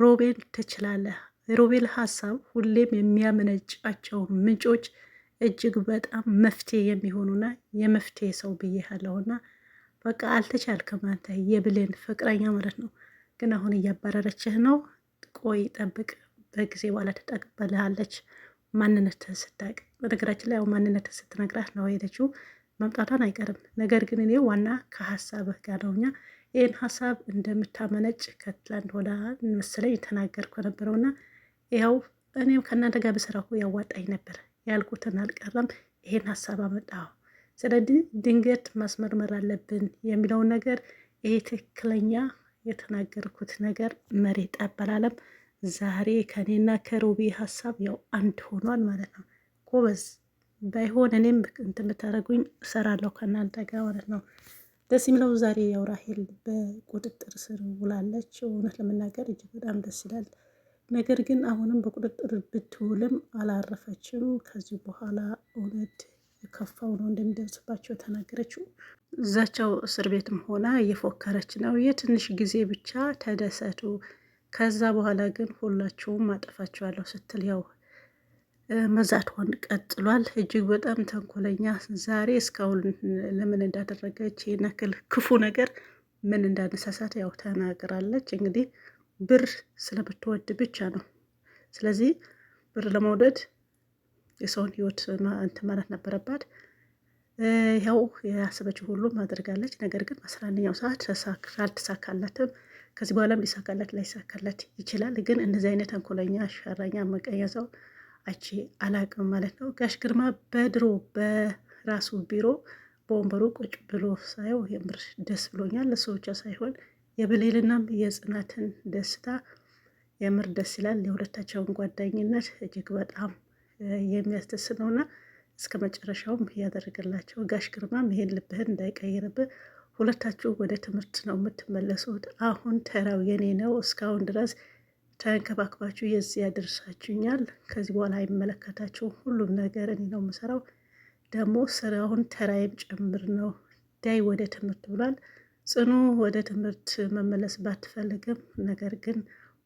ሮቤል ትችላለህ። ሮቤል ሀሳብ ሁሌም የሚያመነጫቸው ምንጮች እጅግ በጣም መፍትሄ የሚሆኑና የመፍትሄ ሰው ብዬ ያለውና በቃ አልተቻልክም አንተ የብሌን ፍቅረኛ ማለት ነው። ግን አሁን እያባረረችህ ነው። ቆይ ጠብቅ፣ በጊዜ በኋላ ትጠቅበልሃለች። ማንነትህን ስታቅ በነገራችን ላይ ያው ስትነግራት ነው ሄደችው። መምጣቷን አይቀርም። ነገር ግን እኔ ዋና ከሀሳብህ ጋር ነውኛ ይህን ሀሳብ እንደምታመነጭ ከትላንት ወደ መሰለኝ የተናገርኩ ነበረውና ያው እኔም ከእናንተ ጋር ያዋጣኝ ነበር ያልኩትን አልቀረም። ይሄን ሀሳብ አመጣሁ። ስለዚህ ድንገት ማስመርመር አለብን የሚለውን ነገር ይሄ ትክክለኛ የተናገርኩት ነገር መሬት ጠበላለም ዛሬ ከኔና ከሮቢ ሀሳብ ያው አንድ ሆኗል ማለት ነው። ጎበዝ ባይሆን እኔም እንትን ብታደርጉኝ እሰራለሁ ከእናንተ ጋር ማለት ነው። ደስ የሚለው ዛሬ ያው ራሄል በቁጥጥር ስር ውላለች። እውነት ለመናገር እጅግ በጣም ደስ ይላል። ነገር ግን አሁንም በቁጥጥር ብትውልም አላረፈችም። ከዚህ በኋላ እውነት የከፋው ነው እንደሚደርስባቸው ተናገረችው። እዛቸው እስር ቤትም ሆና እየፎከረች ነው። የትንሽ ጊዜ ብቻ ተደሰቱ፣ ከዛ በኋላ ግን ሁላችሁም አጠፋችኋለሁ ስትል ያው መዛቷን ቀጥሏል። እጅግ በጣም ተንኮለኛ ዛሬ እስካሁን ለምን እንዳደረገች ይህን ክፉ ነገር ምን እንዳነሳሳት ያው ተናግራለች። እንግዲህ ብር ስለምትወድ ብቻ ነው። ስለዚህ ብር ለመውደድ የሰውን ህይወት እንትን ማለት ነበረባት። ያው ያሰበችው ሁሉ አድርጋለች። ነገር ግን አስራ አንደኛው ሰዓት አልተሳካለትም። ከዚህ በኋላም ሊሳካለት ላይሳካለት ይችላል። ግን እንደዚህ አይነት ተንኮለኛ፣ ሸረኛ፣ መቀኛ ሰው አቺ አላቅም ማለት ነው። ጋሽ ግርማ በድሮ በራሱ ቢሮ በወንበሩ ቁጭ ብሎ ሳየው የምር ደስ ብሎኛል። ለሱ ብቻ ሳይሆን የብሌልናም የጽናትን ደስታ የምር ደስ ይላል። የሁለታቸውን ጓደኝነት እጅግ በጣም የሚያስደስት ነውና እስከ መጨረሻውም ያደረገላቸው ጋሽ ግርማም ይሄን ልብህን እንዳይቀይርብህ ሁለታችሁ ወደ ትምህርት ነው የምትመለሱት። አሁን ተራው የኔ ነው እስካሁን ድረስ ተንከባክባችሁ የዚህ ያደርሳችሁኛል። ከዚህ በኋላ አይመለከታችሁም። ሁሉም ነገር እኔ ነው የምሰራው። ደግሞ ስራውን ተራይም ጭምር ነው። ዳይ ወደ ትምህርት ብሏል። ጽኑ ወደ ትምህርት መመለስ ባትፈልግም ነገር ግን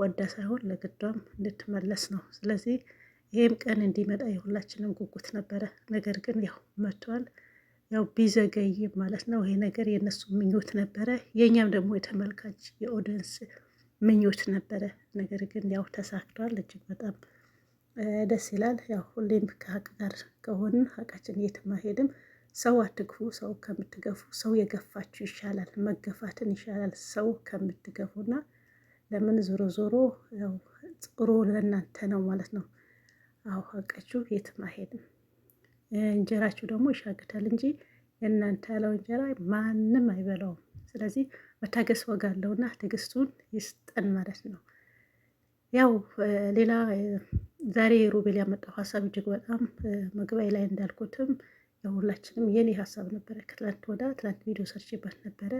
ወዳ ሳይሆን ለግዷም እንድትመለስ ነው። ስለዚህ ይህም ቀን እንዲመጣ የሁላችንም ጉጉት ነበረ። ነገር ግን ያው መጥቷል። ያው ቢዘገይም ማለት ነው ይሄ ነገር የእነሱ ምኞት ነበረ። የእኛም ደግሞ የተመልካች የኦዲየንስ ምኞት ነበረ። ነገር ግን ያው ተሳክቷል። እጅግ በጣም ደስ ይላል። ያው ሁሌም ከሀቅ ጋር ከሆንን ሀቃችን የትም አይሄድም። ሰው አትግፉ። ሰው ከምትገፉ ሰው የገፋችሁ ይሻላል፣ መገፋትን ይሻላል ሰው ከምትገፉና ለምን ዞሮ ዞሮ ያው ጥሩ ለእናንተ ነው ማለት ነው። አሁ ሀቃችሁ የትም አይሄድም። እንጀራችሁ ደግሞ ይሻግታል እንጂ የእናንተ ያለው እንጀራ ማንም አይበላውም። ስለዚህ መታገስ ዋጋ አለውና ትዕግስቱን ይስጠን ማለት ነው። ያው ሌላ ዛሬ ሮቤል ያመጣው ሀሳብ እጅግ በጣም መግባኤ ላይ እንዳልኩትም ሁላችንም የኔ ሀሳብ ነበረ። ከትላንት ወዳ ትላንት ቪዲዮ ሰርችበት ነበረ።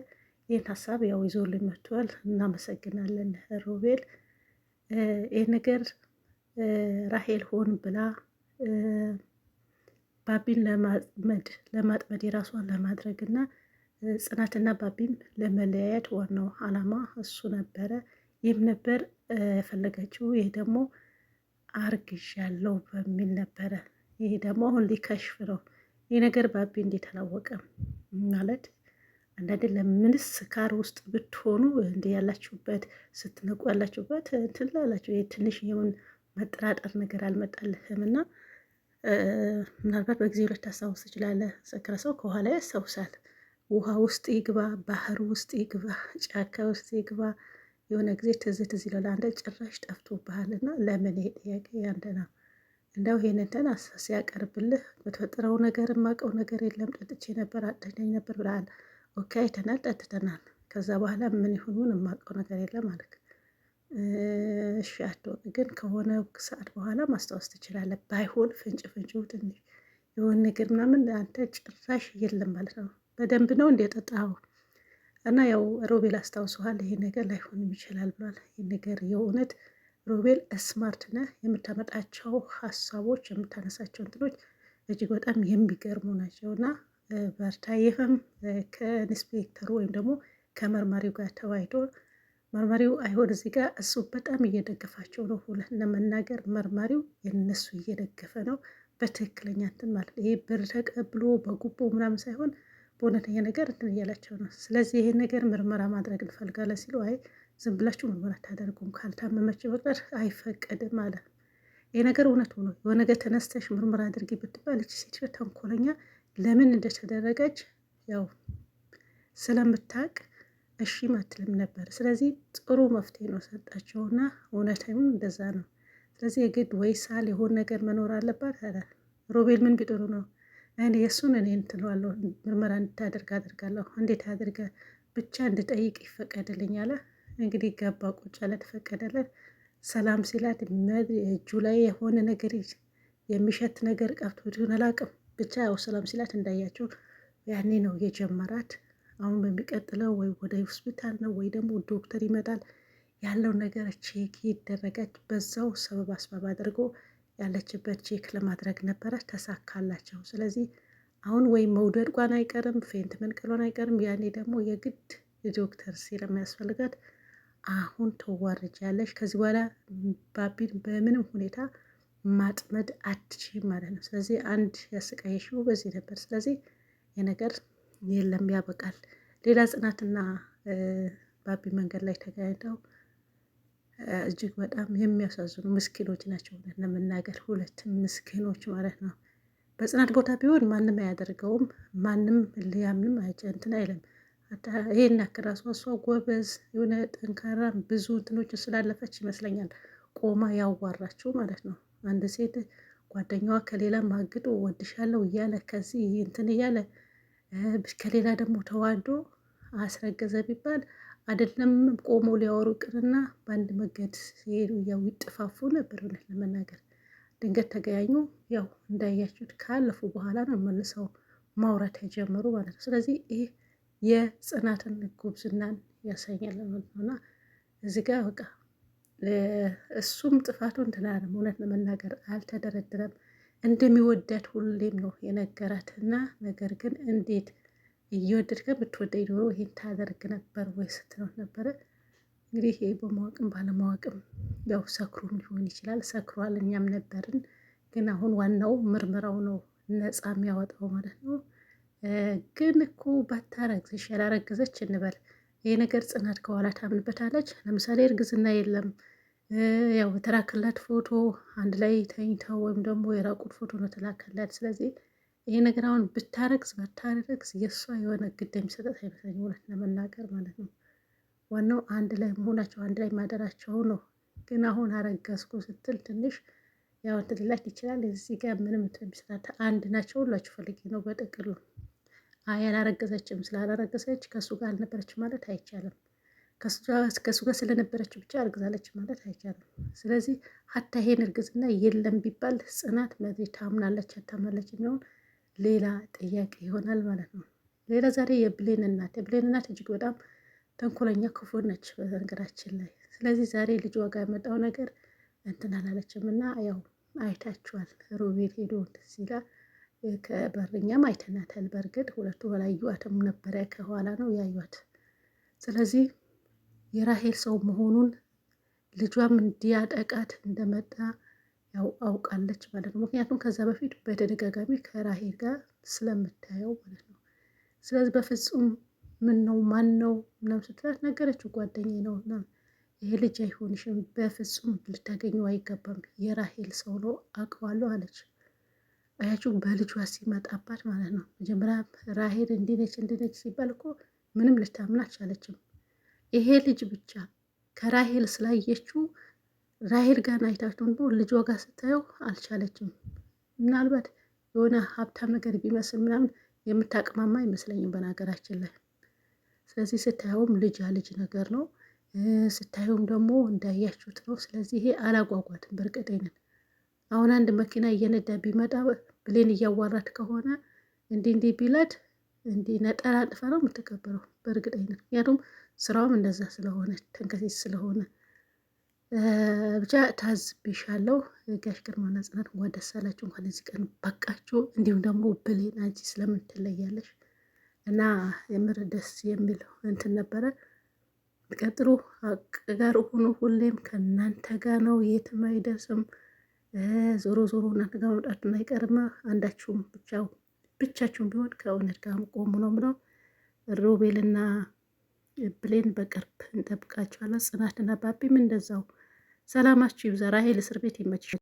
ይህን ሀሳብ ያው ይዞልኝ መጥቷል። እናመሰግናለን ሮቤል። ይህ ነገር ራሄል ሆን ብላ ባቢን ለማጥመድ ለማጥመድ የራሷን ለማድረግ እና ጽናትና ባቢም ለመለያየት ዋናው አላማ እሱ ነበረ። ይህም ነበር የፈለገችው። ይህ ደግሞ አርግዣለሁ በሚል ነበረ። ይህ ደግሞ አሁን ሊከሽፍ ነው። ይህ ነገር ባቢ እንዴት አላወቀም? ማለት አንዳንዴ ለምንስ ስካር ውስጥ ብትሆኑ እንደ ያላችሁበት ስትነቁ ያላችሁበት እንትን ላላችሁ ትንሽ የምን መጠራጠር ነገር አልመጣልህም እና ምናልባት በጊዜ ሁለት አስታውስ ትችላለህ። ሰክረ ሰው ከኋላ ያስታውሳል ውሃ ውስጥ ይግባ፣ ባህር ውስጥ ይግባ፣ ጫካ ውስጥ ይግባ። የሆነ ጊዜ ትዝ ትዝ ይላል። አንተ ጭራሽ ጠፍቶብሃል እና ለምን ይሄ ጥያቄ ያንተ ነው። እንደው ይሄን እንትን ሲያቀርብልህ በተፈጠረው ነገር የማውቀው ነገር የለም ጠጥቼ ነበር አጠኛኝ ነበር ብለሃል። ኦኬ አይተናል፣ ጠጥተናል። ከዛ በኋላ ምን ይሁን ምን የማውቀው ነገር የለም አልክ። እሺ አትወቅ፣ ግን ከሆነ ሰዓት በኋላ ማስታወስ ትችላለህ። ባይሆን ፍንጭ ፍንጭ ትንሽ የሆነ ነገር ምናምን አንተ ጭራሽ የለም ማለት ነው። በደንብ ነው እንደ ጠጣኸው እና ያው ሮቤል አስታውሰዋል። ይሄ ነገር ላይሆንም ይችላል ብሏል። ይህ ነገር የእውነት ሮቤል ስማርት ነህ። የምታመጣቸው ሀሳቦች፣ የምታነሳቸው እንትኖች እጅግ በጣም የሚገርሙ ናቸው እና በርታ። ይህም ከኢንስፔክተሩ ወይም ደግሞ ከመርማሪው ጋር ተዋይዶ መርማሪው አይሆን እዚህ ጋር እሱ በጣም እየደገፋቸው ነው። ሁለት ለመናገር መርማሪው የነሱ እየደገፈ ነው በትክክለኛ እንትን ማለት ይሄ ብር ተቀብሎ በጉቦ ምናምን ሳይሆን በእውነተኛ ነገር እንትን እያላቸው ነው። ስለዚህ ይሄን ነገር ምርመራ ማድረግ እንፈልጋለን ሲሉ አይ ዝም ብላችሁ ምርመራ አታደርጉም ካልታመመች በቀር አይፈቀድም አለ። ይሄ ነገር እውነት ሆኖ የሆነ ተነስተሽ ምርመራ አድርጊ ብትባል እች ሴት ተንኮለኛ ለምን እንደተደረገች ያው ስለምታቅ እሺ ማትልም ነበር። ስለዚህ ጥሩ መፍትሄ ነው ሰጣቸውና እውነታዊ እንደዛ ነው። ስለዚህ የግድ ወይ ሳል የሆን ነገር መኖር አለባት ሮቤል ምን ቢጥሩ ነው እኔ እሱን እኔ እንትለዋለሁ ምርመራ እንድታደርግ አድርጋለሁ። እንዴት አድርገ ብቻ እንድጠይቅ ይፈቀድልኝ አለ። እንግዲህ ገባ ቁጭ አለ፣ ተፈቀደለት። ሰላም ሲላት እጁ ላይ የሆነ ነገር የሚሸት ነገር ቀብቶት ይሆን አላቅም። ብቻ ያው ሰላም ሲላት እንዳያቸው ያኔ ነው የጀመራት። አሁን በሚቀጥለው ወይ ወደ ሆስፒታል ነው ወይ ደግሞ ዶክተር ይመጣል ያለው ነገር ቼክ ይደረጋች። በዛው ሰበብ አስባብ አድርጎ ያለችበት ቼክ ለማድረግ ነበረ። ተሳካላቸው። ስለዚህ አሁን ወይም መውደድቋን አይቀርም፣ ፌንት መንቀሏን አይቀርም። ያኔ ደግሞ የግድ የዶክተር ሲረም ያስፈልጋት። አሁን ትዋረጃለሽ። ከዚህ በኋላ ባቢን በምንም ሁኔታ ማጥመድ አትችይም ማለት ነው። ስለዚህ አንድ ያሰቃየሽው በዚህ ነበር። ስለዚህ የነገር የለም ያበቃል። ሌላ ጽናትና ባቢ መንገድ ላይ ተገናኝተው እጅግ በጣም የሚያሳዝኑ ምስኪኖች ናቸው። እውነት ለመናገር ሁለት ምስኪኖች ማለት ነው። በጽናት ቦታ ቢሆን ማንም አያደርገውም። ማንም ሊያምንም እንትን አይልም። ይሄን ያክል ራሷ እሷ ጎበዝ የሆነ ጠንካራ ብዙ እንትኖች ስላለፈች ይመስለኛል ቆማ ያዋራችው ማለት ነው። አንድ ሴት ጓደኛዋ ከሌላ ማግጦ ወድሻለው እያለ ከዚህ እንትን እያለ ከሌላ ደግሞ ተዋዶ አስረገዘ ቢባል አይደለም ቆሞ ሊያወሩ ቅርና በአንድ መንገድ ሲሄዱ ያው ይጥፋፉ ነበር እውነት ለመናገር ድንገት ተገያኙ። ያው እንዳያችሁት ካለፉ በኋላ ነው መልሰው ማውራት ያጀመሩ ማለት ነው። ስለዚህ ይህ የጽናትን ጉብዝናን ያሳያል ማለት ነው እዚህ ጋር በቃ እሱም ጥፋቱ እንትናለም እውነት ለመናገር አልተደረደረም። እንደሚወዳት ሁሌም ነው የነገራትና ነገር ግን እንዴት እየወደድከ ብትወደኝ ኖሮ ይሄን ታደርግ ነበር ወይ ስትለው ነበረ። እንግዲህ ይሄ በማወቅም ባለማወቅም ያው ሰክሩም ሊሆን ይችላል። ሰክሯል፣ እኛም ነበርን። ግን አሁን ዋናው ምርመራው ነው ነፃ የሚያወጣው ማለት ነው። ግን እኮ ባታረግዝሽ ያላረግዘች እንበል ይሄ ነገር ጽናት ከኋላ ታምንበታለች። ለምሳሌ እርግዝና የለም ያው የተላከላት ፎቶ አንድ ላይ ተኝተው ወይም ደግሞ የራቁት ፎቶ ነው የተላከላት። ስለዚህ ይሄ ነገር አሁን ብታረግዝ ባታረግዝ የእሷ የሆነ ግድ የሚሰጠት አይመስለኝ እውነት ለመናገር ማለት ነው። ዋናው አንድ ላይ መሆናቸው አንድ ላይ ማደራቸው ነው። ግን አሁን አረጋዝኩ ስትል ትንሽ ያው ትልላት ይችላል። እዚህ ጋር ምንም ትንብስላት አንድ ናቸው ሁላችሁ ፈልጌ ነው በጥቅሉ። አይ አላረገዘችም። ስላላረገዘች ከእሱ ጋር አልነበረች ማለት አይቻልም። ከእሱ ጋር ስለነበረች ብቻ አርግዛለች ማለት አይቻልም። ስለዚህ ሀታ ይሄን እርግዝና የለም ቢባል ጽናት መሬ ታምናለች አታምናለች የሚሆን ሌላ ጥያቄ ይሆናል ማለት ነው። ሌላ ዛሬ የብሌን እናት የብሌን እናት እጅግ በጣም ተንኮለኛ ክፉ ነች በነገራችን ላይ። ስለዚህ ዛሬ ልጅ ዋጋ የመጣው ነገር እንትን አላለችም እና ያው አይታችኋል። ሮቤል ሄዶ እንደዚህ ጋር ከበርኛም አይተናታል። በእርግጥ ሁለቱ በላዩዋትም ነበረ ከኋላ ነው ያዩት። ስለዚህ የራሄል ሰው መሆኑን ልጇም እንዲያጠቃት እንደመጣ ያው አውቃለች ማለት ነው። ምክንያቱም ከዛ በፊት በተደጋጋሚ ከራሄል ጋር ስለምታየው ማለት ነው። ስለዚህ በፍጹም ምን ነው ማን ነው ምናምን ስትላት ነገረችው። ጓደኛ ነው ይሄ ልጅ አይሆንሽም፣ በፍጹም ልታገኘው አይገባም፣ የራሄል ሰው ነው አውቀዋለሁ አለች። አያችሁ በልጇ ሲመጣባት ማለት ነው። መጀመሪያ ራሄል እንዲነች እንዲነች ሲባል እኮ ምንም ልታምን አልቻለችም። ይሄ ልጅ ብቻ ከራሄል ስላየችው ራሄል ጋር አይታችሁ እንዶ ልጇ ጋር ስታየው አልቻለችም። ምናልባት የሆነ ሀብታም ነገር ቢመስል ምናምን የምታቅማማ አይመስለኝም በነገራችን ላይ። ስለዚህ ስታየውም ልጅ ልጅ ነገር ነው ስታየውም ደግሞ እንዳያችሁት ነው። ስለዚህ ይሄ አላጓጓትም በእርግጠኝነት። አሁን አንድ መኪና እየነዳ ቢመጣ ብሌን እያዋራት ከሆነ እንዲህ እንዲህ ቢላት እንዲህ ነጠላ አጥፈ ነው የምትቀበለው በእርግጠኝነት። ምክንያቱም ስራውም እንደዛ ስለሆነ ተንከሴት ስለሆነ ብቻ ታዝብሻለሁ። ጋሽ ግርማና ጽናት እንኳን ደስ አላችሁ፣ እንኳን እዚህ ቀን በቃችሁ። እንዲሁም ደግሞ ብሌን አንቺ ስለምን ትለያለሽ? እና የምር ደስ የሚል እንትን ነበረ። ቀጥሩ ጋር ሁኑ፣ ሁሌም ከእናንተ ጋር ነው፣ የትም አይደርስም። ዞሮ ዞሮ እናንተ ጋር መውጣት አይቀርም። አንዳችሁም ብቻው ብቻችሁም ቢሆን ከእውነት ጋር ቆሙ ነው ምነው ሮቤልና ብሌን በቅርብ እንጠብቃቸዋለን። ጽናትና ባቢም እንደዛው ሰላማችሁ ይብዛ። ራሄል እስር ቤት ይመችሽ።